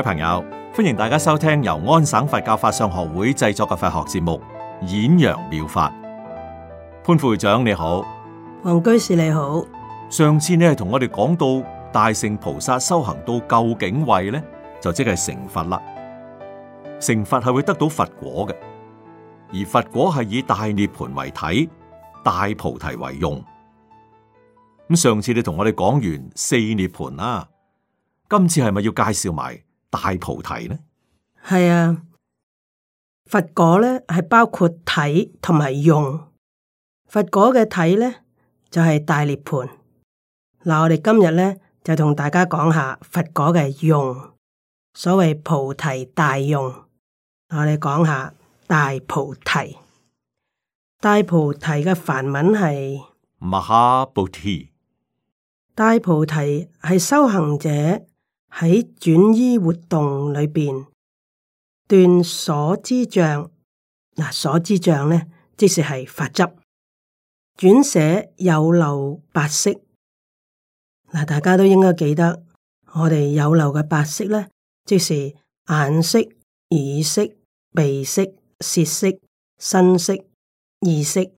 各位朋友，歡迎大家收聽由安省佛教法相學會製作嘅佛學節目《演揚妙法》。潘副會長你好，黃居士你好。上次你係同我哋講到大乘菩薩修行到究竟位咧，就即係成佛啦。成佛係會得到佛果嘅，而佛果係以大涅盤為體，大菩提為用。咁上次你同我哋講完四涅盤啦，今次係咪要介紹埋？大菩提呢？係啊，佛果咧，係包括體同埋用。佛果嘅體咧就係、是、大涅盤嗱，我哋今日咧就同大家講下佛果嘅用，所謂菩提大用。我哋講下大菩提。大菩提嘅梵文係 Mahabodhi。大菩提係修行者。喺轉依活動裏邊，斷所知障。嗱，所知障咧，即是係法執。轉捨有漏八識，嗱大家都應該記得，我哋有漏嘅八識咧，即是眼識、耳識、鼻識、舌識、身識、意識、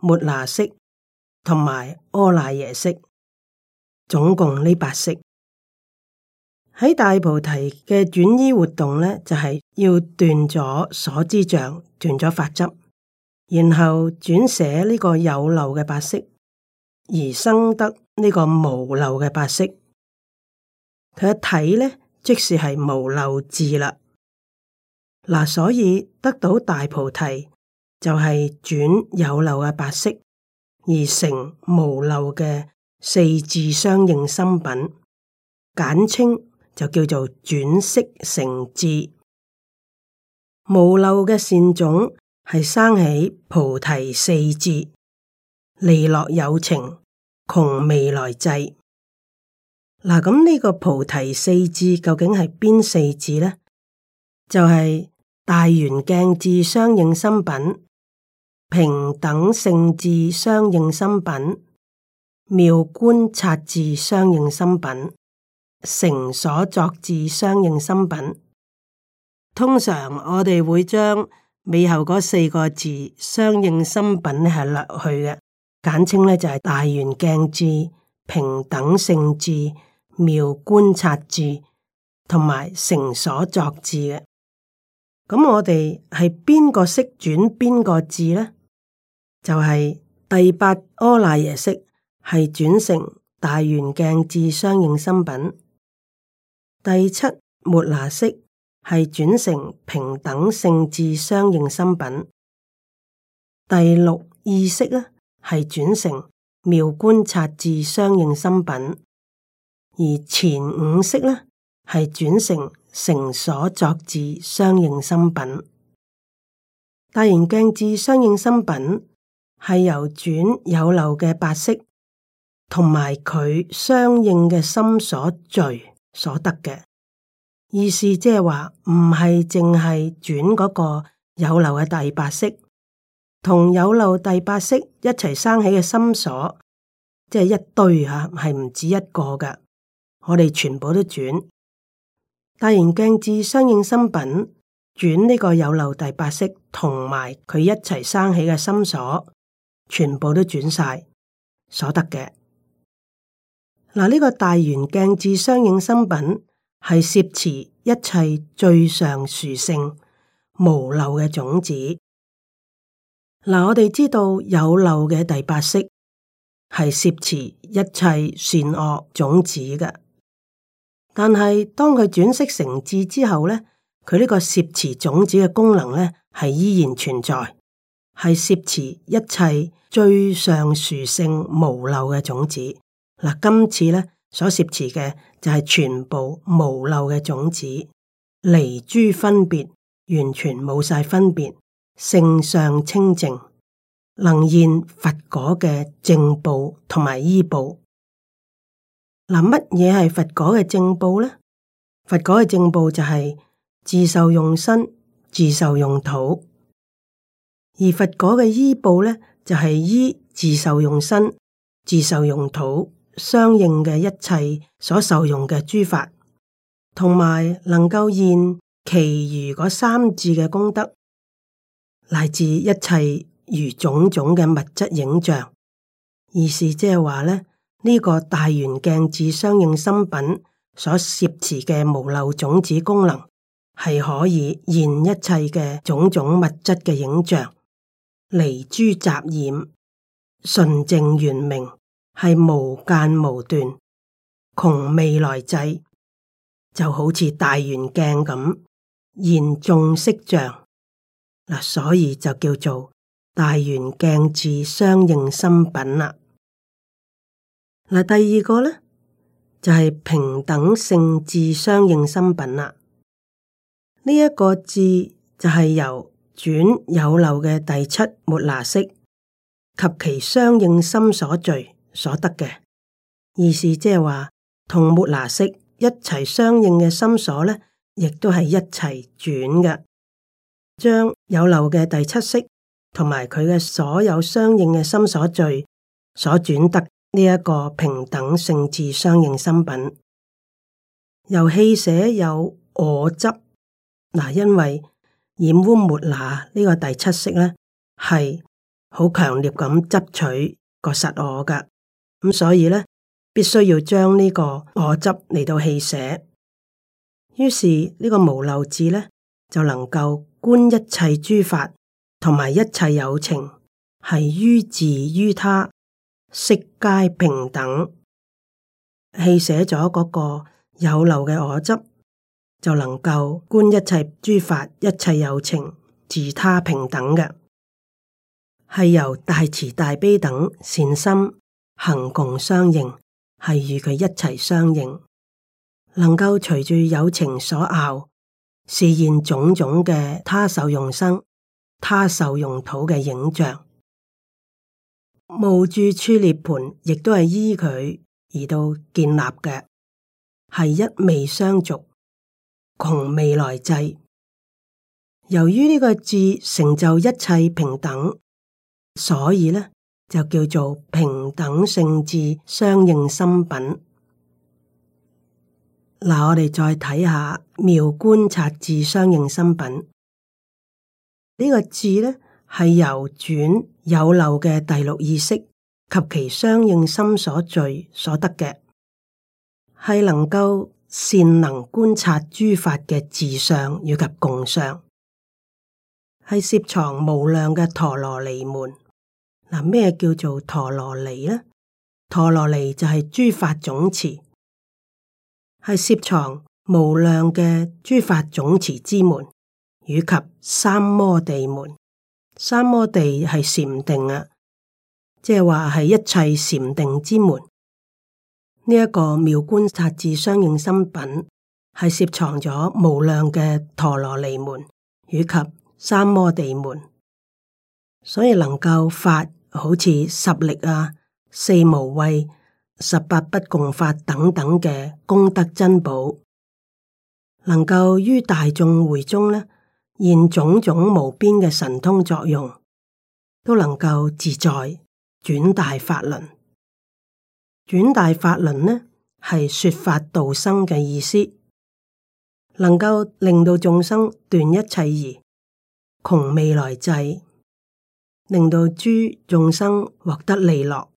末那識同埋阿賴耶識，總共呢八識。喺大菩提嘅轉依活動呢，就係、是、要斷咗所知障，斷咗法執，然後轉寫呢個有漏嘅八識，而生得呢個無漏嘅八識。佢一睇呢，即是係無漏智啦。嗱，所以得到大菩提就係轉有漏嘅八識而成無漏嘅四智相應心品，簡稱。就叫做轉識成智，無漏嘅善種係生起菩提四智，利樂有情窮未來際。嗱、啊、咁、嗯、呢、這個菩提四智究竟係邊四智呢？就係、是、大圓鏡智、相應心品、平等性智、相應心品、妙觀察智、相應心品。成所作智相應心品，通常我哋會將尾後嗰四個智相應心品咧係略去嘅，簡稱呢就係大圓鏡智、平等性智、妙觀察智同埋成所作智嘅。咁我哋係邊個識轉邊個智呢？就係、是、第八阿賴耶識係轉成大圓鏡智相應心品。第七末那識係轉成平等性智相應心品，第六意識呢係轉成妙觀察智相應心品，而前五識呢係轉成成所作智相應心品。大圓鏡智相應心品係由轉有漏嘅八識同埋佢相應嘅心所聚所得嘅，意思即係話唔係淨係轉嗰個有漏嘅第八識，同有漏第八識一齊生起嘅心所，即係一堆吓，係唔止一個噶我哋全部都轉。大圓鏡智相應心品，轉呢個有漏第八識，同埋佢一齊生起嘅心所，全部都轉晒所得嘅。嗱，呢個大圓鏡智相應心品係攝持一切最上殊勝無漏嘅種子。嗱、嗯，我哋知道有漏嘅第八識係攝持一切善惡種子嘅，但係當佢轉識成智之後咧，佢呢個攝持種子嘅功能咧係依然存在，係攝持一切最上殊勝無漏嘅種子。嗱，今次咧所攝持嘅就係全部無漏嘅種子，離諸分別，完全冇晒分別，性上清淨，能現佛果嘅正報同埋依報。嗱，乜嘢係佛果嘅正報咧？佛果嘅正報就係自受用身、自受用土；而佛果嘅依報咧，就係依自受用身、自受用土。相應嘅一切所受用嘅諸法，同埋能夠現其餘嗰三字嘅功德，乃至一切如種種嘅物質影像，意思即係話呢，呢、這個大圓鏡智相應心品所攝持嘅無漏種子功能，係可以現一切嘅種種物質嘅影像，離諸雜染，純正圓明。係無間無斷，窮未來際，就好似大圓鏡咁現眾色像嗱，所以就叫做大圓鏡智相應心品啦。嗱，第二個咧就係、是、平等性智相應心品啦。呢、這、一個智就係由轉有漏嘅第七末那識及其相應心所聚。所得嘅，意思即係話同末那識一齊相應嘅心所咧，亦都係一齊轉嘅，將有漏嘅第七識同埋佢嘅所有相應嘅心所聚所轉得呢一個平等性智相應心品，由棄捨有我執，嗱、啊、因為染污末那呢個第七識咧係好強烈咁執取個實我噶。咁、嗯、所以咧，必須要將呢個我執嚟到棄捨，於是呢、這個無漏智咧就能夠觀一切諸法同埋一切有情係於自於他悉皆平等。棄捨咗嗰個有漏嘅我執，就能夠觀一切諸法、一切有情自他平等嘅，係由大慈大悲等善心。行共相應，係與佢一齊相應，能夠隨住有情所拗，示現種種嘅他受用生、他受用土嘅影像。無住處涅盤亦都係依佢而到建立嘅，係一味相續，窮未來際。由於呢個字成就一切平等，所以咧。就叫做平等性智相應心品。嗱，我哋再睇下妙觀察智相應心品呢、這個智呢，係由轉有漏嘅第六意識及其相應心所聚所得嘅，係能夠善能觀察諸法嘅自相以及共相，係攝藏無量嘅陀羅尼門。嗱，咩叫做陀羅尼呢？陀羅尼就係諸法總持，係攝藏無量嘅諸法總持之門，以及三摩地門。三摩地係禪定啊，即係話係一切禪定之門。呢、這、一個妙觀察智相應心品，係攝藏咗無量嘅陀羅尼門，以及三摩地門，所以能夠發。好似十力啊、四無畏、十八不共法等等嘅功德珍寶，能夠於大眾會中呢，現種種無邊嘅神通作用，都能夠自在轉大法輪。轉大法輪呢，係說法度生嘅意思，能夠令到眾生斷一切疑，窮未來際。令到諸眾生獲得利樂，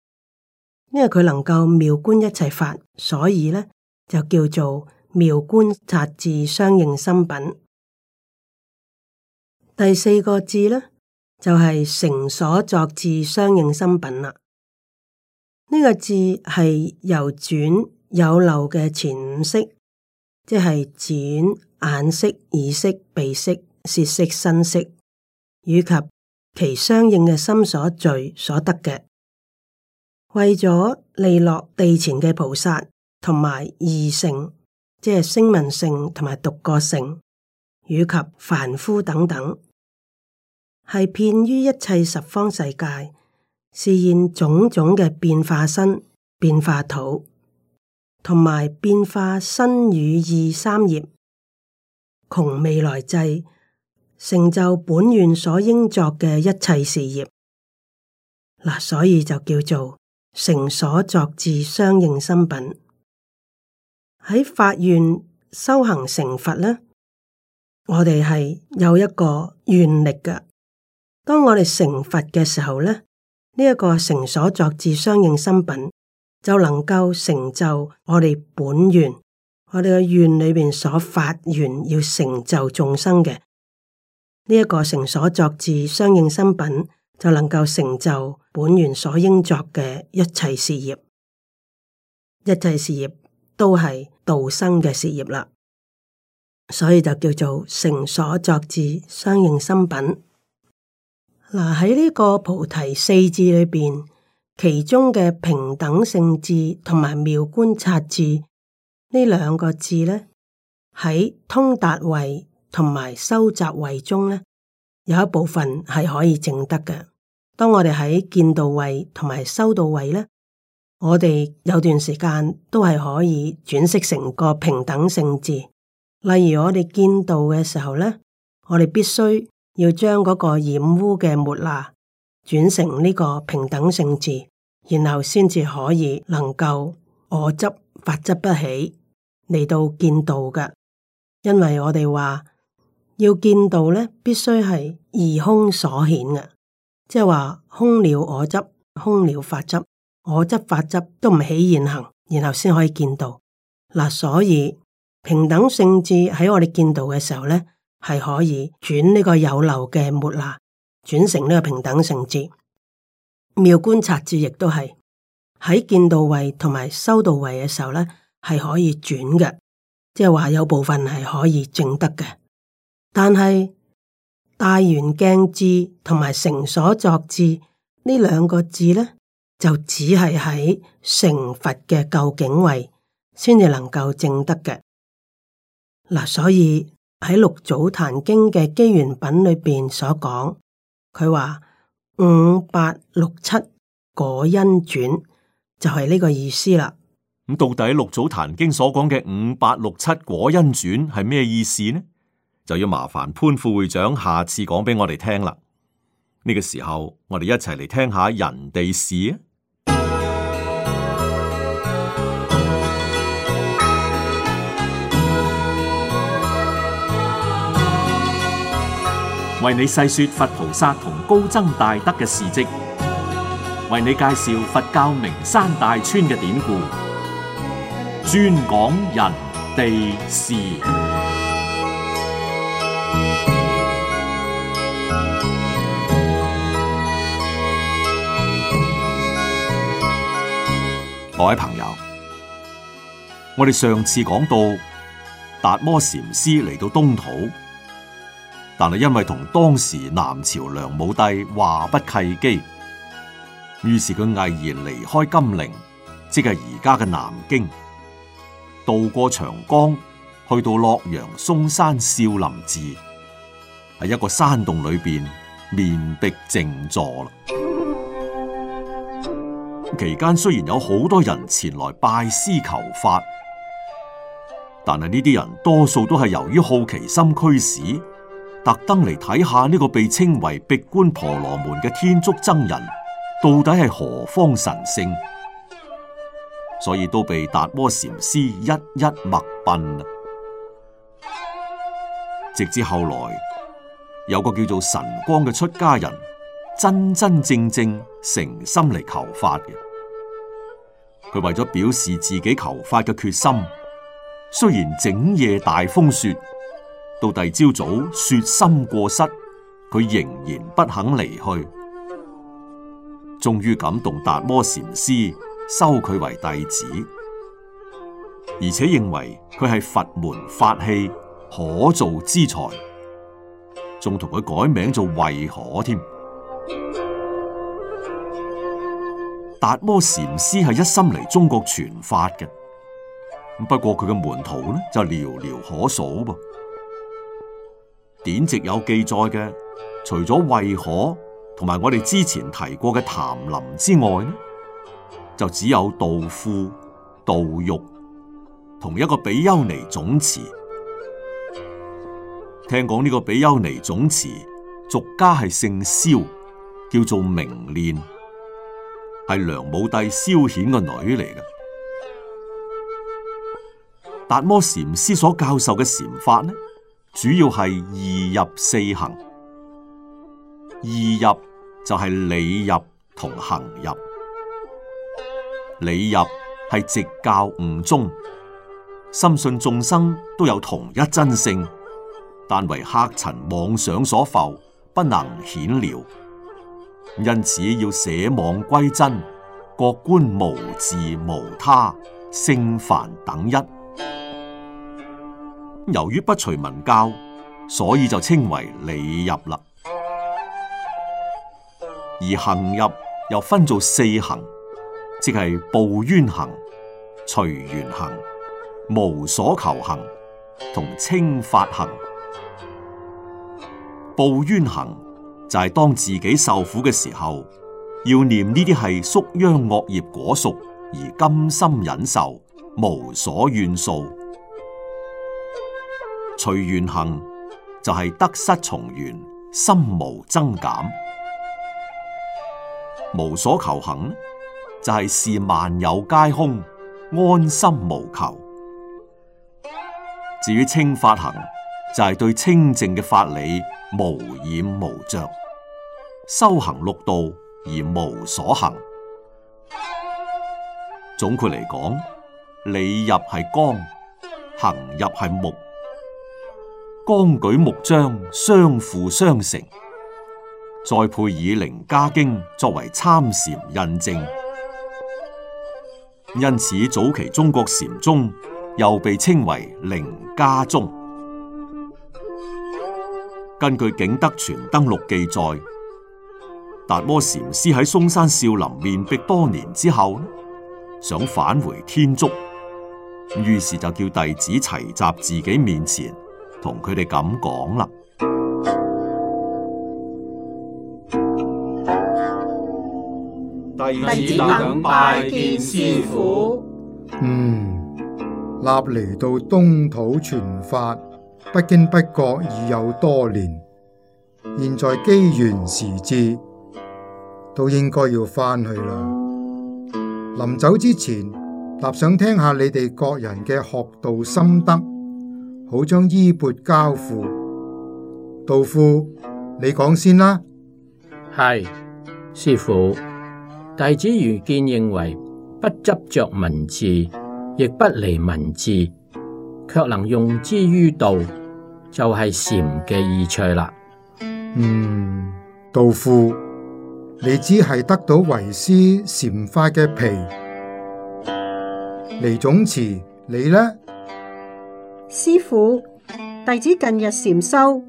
因為佢能夠妙觀一切法，所以呢，就叫做妙觀察字相應心品。第四個字呢，就係、是、成所作字相應心品啦。呢、這個字係由轉有漏嘅前五識，即係轉眼識、耳識、鼻識、舌識、身識，以及。其相應嘅心所聚所得嘅，為咗利落地前嘅菩薩同埋二乘，即係聲聞乘同埋獨覺乘，以及凡夫等等，係遍於一切十方世界，示現種種嘅變化身、變化土，同埋變化身語意三業，窮未來際。成就本願所應作嘅一切事業，嗱，所以就叫做成所作智相應心品。喺發願修行成佛咧，我哋係有一個願力噶。當我哋成佛嘅時候咧，呢、這、一個成所作智相應心品就能夠成就我哋本願，我哋嘅願裏邊所發願要成就眾生嘅。呢一個成所作智相應心品就能夠成就本願所應作嘅一切事業，一切事業都係度生嘅事業啦，所以就叫做成所作智相應心品。嗱，喺呢個菩提四智裏邊，其中嘅平等性智同埋妙觀察智，呢兩個智呢，喺通達位。同埋收集為中咧，有一部分係可以證得嘅。當我哋喺見道位同埋修道位咧，我哋有段時間都係可以轉識成個平等性智。例如我哋見道嘅時候咧，我哋必須要將嗰個染污嘅末那轉成呢個平等性智，然後先至可以能夠我執法執不起嚟，到見道嘅。因為我哋話。要見道咧，必須係二空所顯嘅，即係話空了我執，空了法執，我執法執都唔起現行，然後先可以見道。嗱，所以平等性智喺我哋見道嘅時候咧，係可以轉呢個有漏嘅末那，轉成呢個平等性智。妙觀察智亦都係喺見道位同埋修道位嘅時候咧，係可以轉嘅，即係話有部分係可以證得嘅。但係大圓鏡智同埋成所作智呢兩個字呢，就只係喺成佛嘅究竟位先至能夠證得嘅。嗱，所以喺六祖壇經嘅機緣品裏邊所講，佢話五八六七果因轉就係呢個意思啦。咁到底六祖壇經所講嘅五八六七果因轉係咩意思呢？就要麻煩潘副會長下次講俾我哋聽啦。呢個時候我哋一齊嚟聽下人地事啊！為你細說佛菩薩同高僧大德嘅事跡，為你介紹佛教名山大川嘅典故，專講人地事。各位朋友，我哋上次講到達摩禪師嚟到東土，但係因為同當時南朝梁武帝話不契機，於是佢毅然離開金陵，即係而家嘅南京，渡過長江，去到洛陽嵩山少林寺，喺一個山洞裏邊面面壁靜坐啦。期間雖然有好多人前來拜師求法，但係呢啲人多數都係由於好奇心驅使，特登嚟睇下呢個被稱為壁觀婆羅門嘅天竺僧人到底係何方神聖，所以都被達摩禪師一一默擯。直至後來，有個叫做神光嘅出家人。真真正正誠心嚟求法嘅，佢為咗表示自己求法嘅決心，雖然整夜大風雪，到第朝早雪深過膝，佢仍然不肯離去。終於感動達摩禪師收佢為弟子，而且認為佢係佛門法器可造之才，仲同佢改名做慧可添。達摩禪師係一心嚟中國傳法嘅，不過佢嘅門徒咧就寥寥可數噃、啊。典籍有記載嘅，除咗慧可，同埋我哋之前提過嘅曇林之外，呢就只有道副、道育同一個比丘尼總持。聽講呢個比丘尼總持，俗家係姓蕭，叫做明練。係梁武帝蕭衍個女嚟㗎。達摩禪師所教授嘅禪法呢，主要係二入四行。二入就係理入同行入。理入係直教悟宗，深信眾生都有同一真性，但為客塵妄想所浮，不能顯了。因此要捨妄歸真，各官無自無他，聖凡等一。由於不隨文教，所以就稱為理入啦。而行入又分做四行，即係報冤行、隨緣行、無所求行同稱法行。報冤行，就係當自己受苦嘅時候，要念呢啲係宿殃惡業果熟，而甘心忍受，無所怨訴。隨緣行就係、是、得失從緣，心無增減；無所求行就係、是、事萬有皆空，安心無求。至於清法行，就係、是、對清淨嘅法理無染無着。修行六道而無所行，總括嚟講，理入係綱，行入係目，綱舉目張，相輔相成，再配以楞伽經作為參禪印證，因此早期中國禪宗又被稱為楞伽宗。根據景德傳燈錄記載。達摩禪師喺嵩山少林面壁多年之後，想返回天竺，於是就叫弟子齊集自己面前，同佢哋咁講啦。弟子等拜見師父。嗯，立嚟到東土傳法，不經不覺已有多年，現在機緣時至。都應該要翻去啦。臨走之前，立想聽下你哋各人嘅學道心得，好將衣缽交付。道父，你講先啦。係，師父，弟子愚見認為，不執着文字，亦不離文字，卻能用之於道，就係、是、禪嘅意趣啦。嗯，道父。你只係得到為師禪法嘅皮，尼總持你呢？師父，弟子近日禪修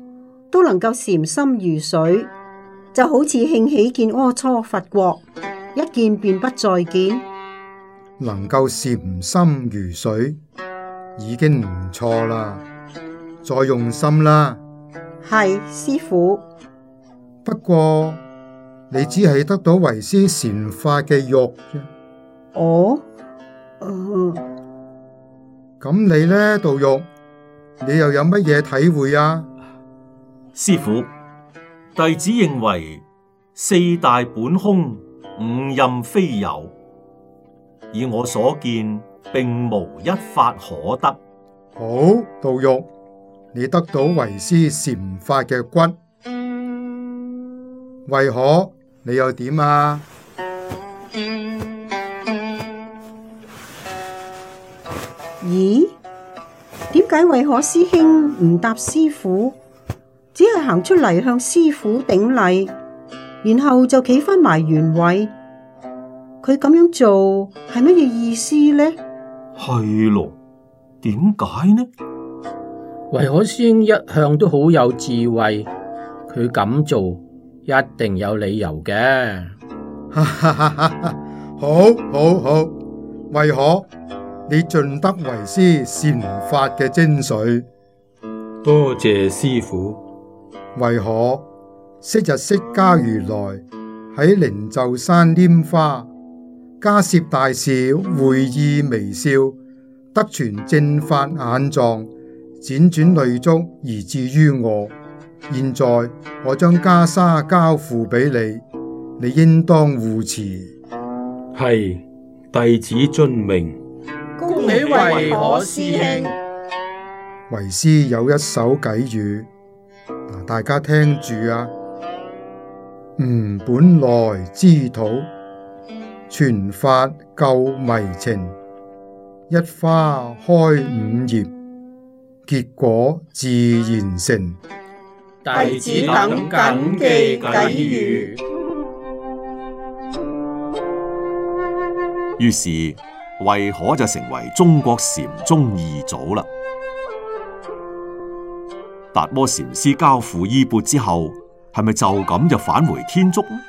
都能夠禪心如水，就好似興起見阿閦佛國，一見便不再見。能夠禪心如水已經唔錯啦，再用心啦。係師父。不過。你只係得到為師禪法嘅肉啫。哦，咁、嗯、你呢？道玉，你又有乜嘢體會啊？師父，弟子認為四大本空，五蘊非有，以我所見，並無一法可得。好，道玉，你得到為師禪法嘅骨，為何？你又點啊？咦？點解慧可師兄唔答師傅，只係行出嚟向師傅頂禮，然後就企翻埋原位？佢咁樣做係乜嘢意思呢？係咯？點解呢？慧可師兄一向都好有智慧，佢咁做。一定有理由嘅。哈哈哈哈，好好好，為何你盡得為師禪法嘅精髓？多謝師父，為何昔日釋迦如來喺靈鷲山拈花，迦葉大士會意微笑，得傳正法眼藏，輾轉累足而至於我。現在我將袈裟交付俾你，你應當護持。係，弟子遵命。恭喜慧可師兄，為師有一首偈語，大家聽住啊。吾本來之土，傳法救迷情。一花開五葉，結果自然成。弟子等謹記偈語。於是慧可就成為中國禪宗二祖啦。達摩禪師交付衣鉢之後，係咪就咁就返回天竺呢？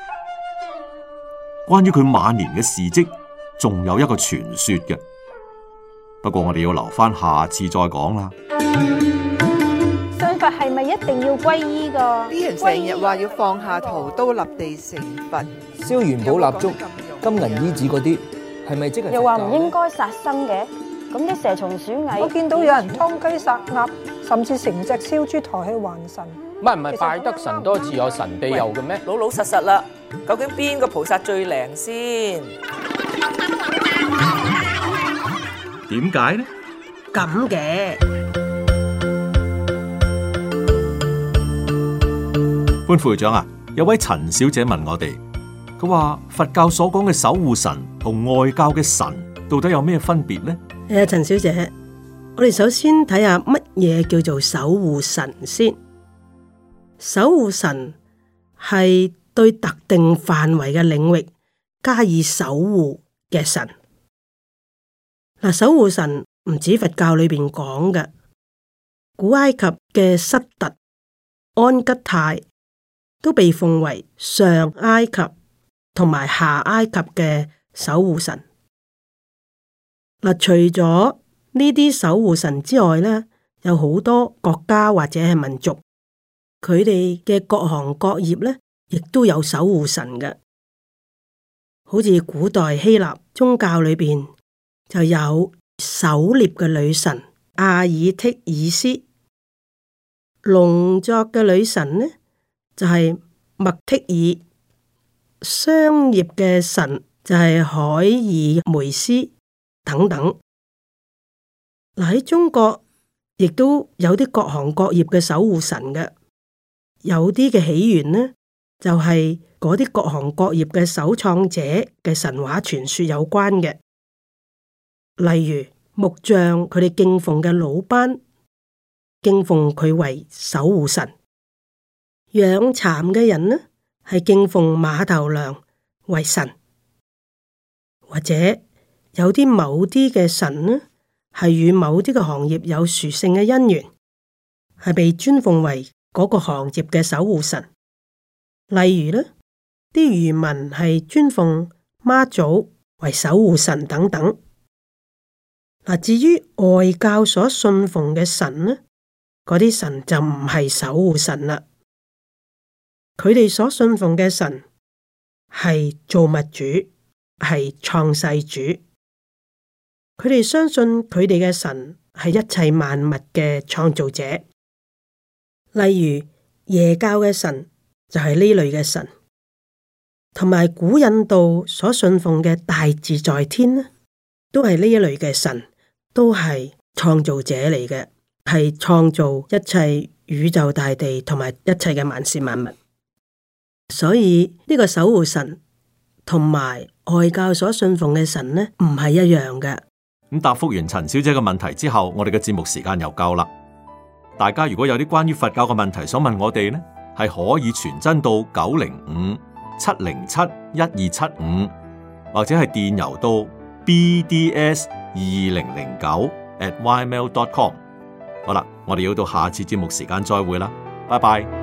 關於佢晚年嘅事跡，仲有一個傳說嘅。不過我哋要留翻下，下次再講啦。係咪一定要皈依㗎？啲人成日話要放下屠刀立地成佛，燒元寶蠟燭、金銀衣紙嗰啲，係咪即係？又話唔應該殺生嘅，咁啲蛇蟲鼠蟻，我見到有人劏雞殺鴨，甚至成隻燒豬抬去還神。唔係唔係，拜得神多自有神庇佑嘅咩？老老實實啦，究竟邊個菩薩最靈先？點解呢？咁嘅。潘副長啊，有位陳小姐問我哋，佢話佛教所講嘅守護神同外教嘅神到底有咩分別呢？誒、呃，陳小姐，我哋首先睇下乜嘢叫做守護神先。守護神係對特定範圍嘅領域加以守護嘅神。嗱，守護神唔止佛教裏邊講嘅，古埃及嘅塞特安吉泰，都被奉為上埃及同埋下埃及嘅守護神。嗱、啊，除咗呢啲守護神之外呢，有好多國家或者係民族，佢哋嘅各行各業呢亦都有守護神嘅。好似古代希臘宗教裏邊就有狩獵嘅女神阿爾忒爾斯，農作嘅女神呢？就係麥剔爾，商業嘅神，就係海爾梅斯等等。喺中國，亦都有啲各行各業嘅守護神嘅，有啲嘅起源呢，就係嗰啲各行各業嘅首創者嘅神話傳說有關嘅。例如木匠佢哋敬奉嘅魯班，敬奉佢為守護神。養蠶嘅人呢，係敬奉馬頭娘為神，或者有啲某啲嘅神呢，係與某啲嘅行業有殊勝嘅因緣，係被尊奉為嗰個行業嘅守護神。例如呢，啲漁民係尊奉媽祖為守護神等等。至於外教所信奉嘅神呢，嗰啲神就唔係守護神啦。佢哋所信奉嘅神係造物主，係創世主。佢哋相信佢哋嘅神係一切萬物嘅創造者。例如耶教嘅神就係呢類嘅神，同埋古印度所信奉嘅大自在天都係呢一類嘅神，都係創造者嚟嘅，係創造一切宇宙大地同埋一切嘅萬事萬物。所以呢個守護神同埋外教所信奉嘅神呢，唔係一樣嘅。咁答覆完陳小姐嘅問題之後，我哋嘅節目時間又夠啦。大家如果有啲關於佛教嘅問題想問我哋呢，係可以傳真到九零五七零七一二七五，75，或者係電郵到 bds 二零零九 @ymail.com。好啦，我哋要到下次節目時間再會啦，拜拜。